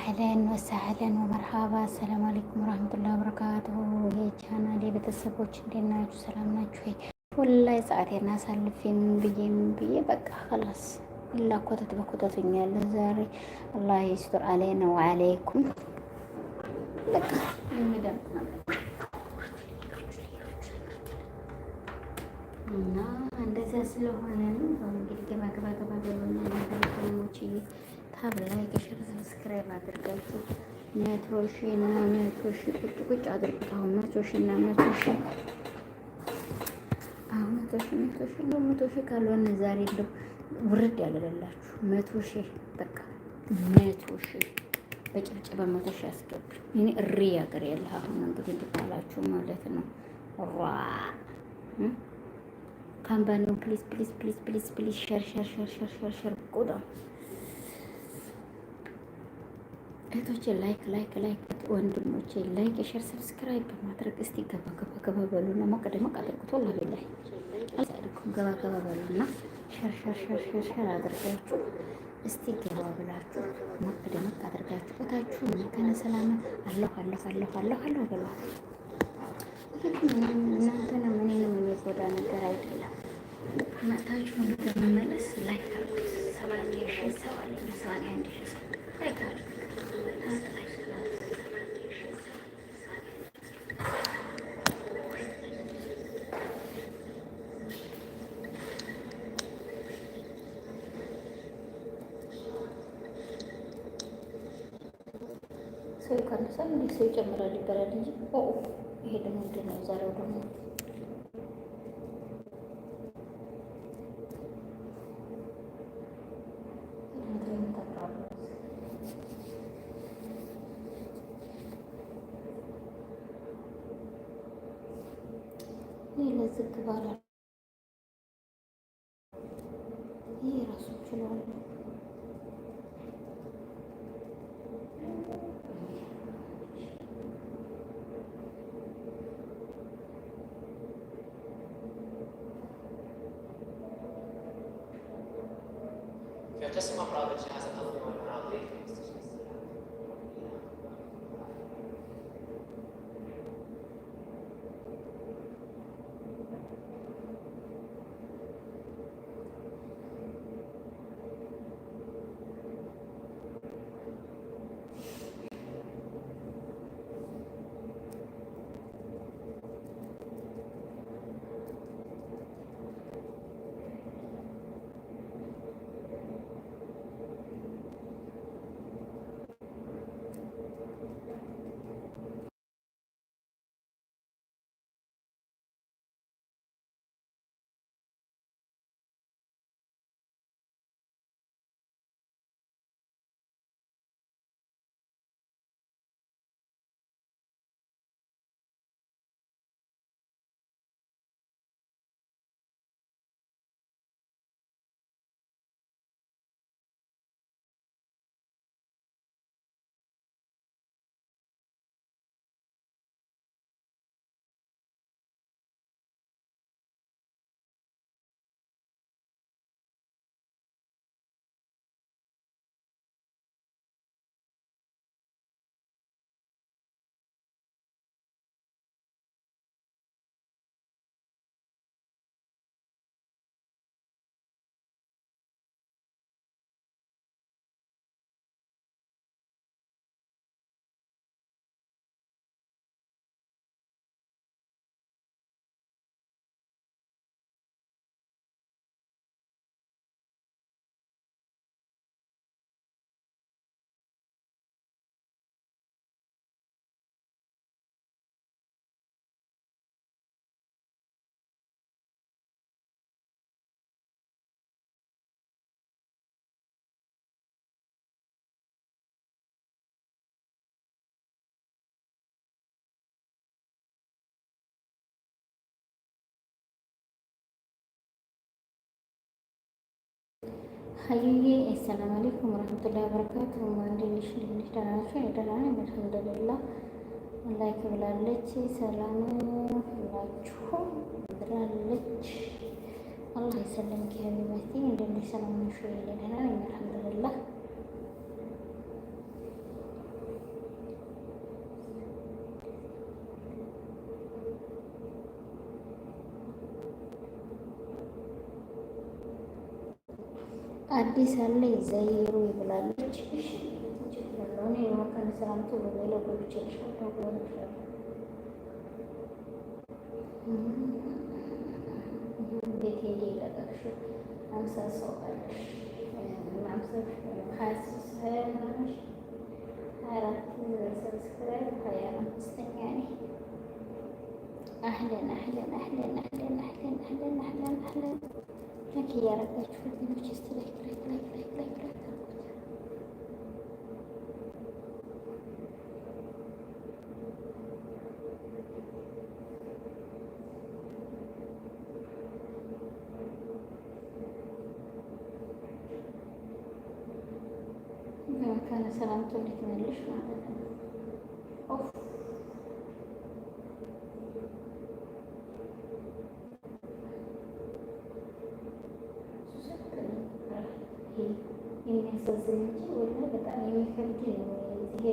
አህለን ወሳህለን ወመርሃባ። አሰላሙ አለይኩም ወራህመቱላሂ ወበረካቱሁ። የቻናል የቤተሰቦች እንዴት ናችሁ? ሰላም ናችሁ ወይ? ወላሂ ሰዓቴን አሳልፌ ምን ብዬ ምን ብዬ በቃ ከላስ ሁላ ኮተት በኮተቱኛል። ዛሬ አላህ ይስጥር አለይና ወአለይኩም በቃ የሚደም እና እንደዚያ ስለሆነ ነው እንግዲህ ገባ ገባ ገባ ገባ ገባ ገባ ሀብ ላይክ ሸር ሰብስክራይብ አድርጋችሁ መቶ ሺህ እና መቶ ሺህ ቁጭ ቁጭ አድርጉት። አሁን መቶ ሺህ እና መቶ ሺህ አሁን መቶ ሺህ መቶ ሺህ እንደው መቶ ሺህ ካልሆነ ዛሬ እንደው ውርድ ያለላችሁ መቶ ሺህ በቃ መቶ ሺህ በጭብጨባ መቶ ሺህ አስገቡ። እኔ እሪ ያገር ያለ አሁን እንግዲህ እንድታላችሁ ማለት ነው። ራ ካምፓኒው ፕሊዝ ፕሊዝ ፕሊዝ ፕሊዝ ፕሊዝ ሸር ሸር ሸር ሸር ሸር ሸር ቁጣ እህቶቼ ላይክ ላይክ ላይክ ወንድሞቼ ላይክ ሸር ሰብስክራይብ በማድረግ እስቲ ገባ ገባ ገባ በሉና ሞቅ ደሞቅ አድርጉት። ወላ ላይ አልኩም ገባ ገባ በሉና ሸር ሸር ሸር ሸር ሸር አድርጋችሁ እስቲ ገባ ብላችሁ ሞቅ ደሞቅ አድርጋችሁ ቦታችሁ መከነ ሰላም አለሁ አለሁ አለሁ አለሁ አለሁ ብሏል። እናንተን ምንም የሚጎዳ ነገር አይደለም። መታችሁ እንደመመለስ ላይክ አድርጉት። አንድ ሺ ላይክ አድርጉት። ሰው ይቀንሳል እንዴ? ሰው ይጨምራል ይባላል እንጂ ይሄ ደግሞ ምንድን ነው? የዛሬው ደግሞ ይህ ለዝግ ባላል Just come up, ሀይዬ አሰላም አለይኩም ወረህመቱላሂ ወበረካቱ። ወንድልሽ ልጅ ደህና ናቸው? ደህና ነኝ አልሐምዱሊላህ። ላይክ ብላለች። ሰላም ሁላችሁም ብላለች። አላህ ይሰለም። ኪሀቢባቴ እንደምን ሰላም ነሽ? ደህና ነኝ አልሐምዱሊላህ አዲስ አለ ዘይሩ ይብላለች። አህለን አህለን አህለን አህለን አህለን አህለን አህለን ላይክ እያረጋችሁ ልጆች ስ ላይክ ላይክ ላይክ ላይክ ላይክ ላይክ ሰላምቶ እንዴት መልሽ ማለት ነው። ያስበዝን እንጂ ወላሂ በጣም ይሄ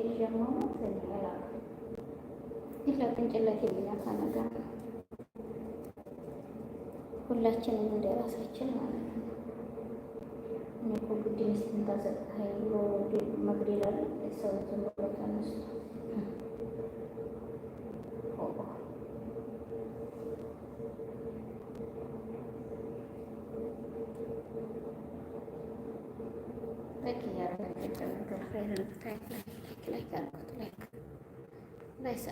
ልጅ አሟሟት አላውቅም። ነገር ሁላችንም እንደ ራሳችን ማለት ነው። እኔ እኮ ግድ ሚስትን ታሰጥሀይ መግደል አለ ሰው ዝም ብሎ ነገር ላይክ ላይክ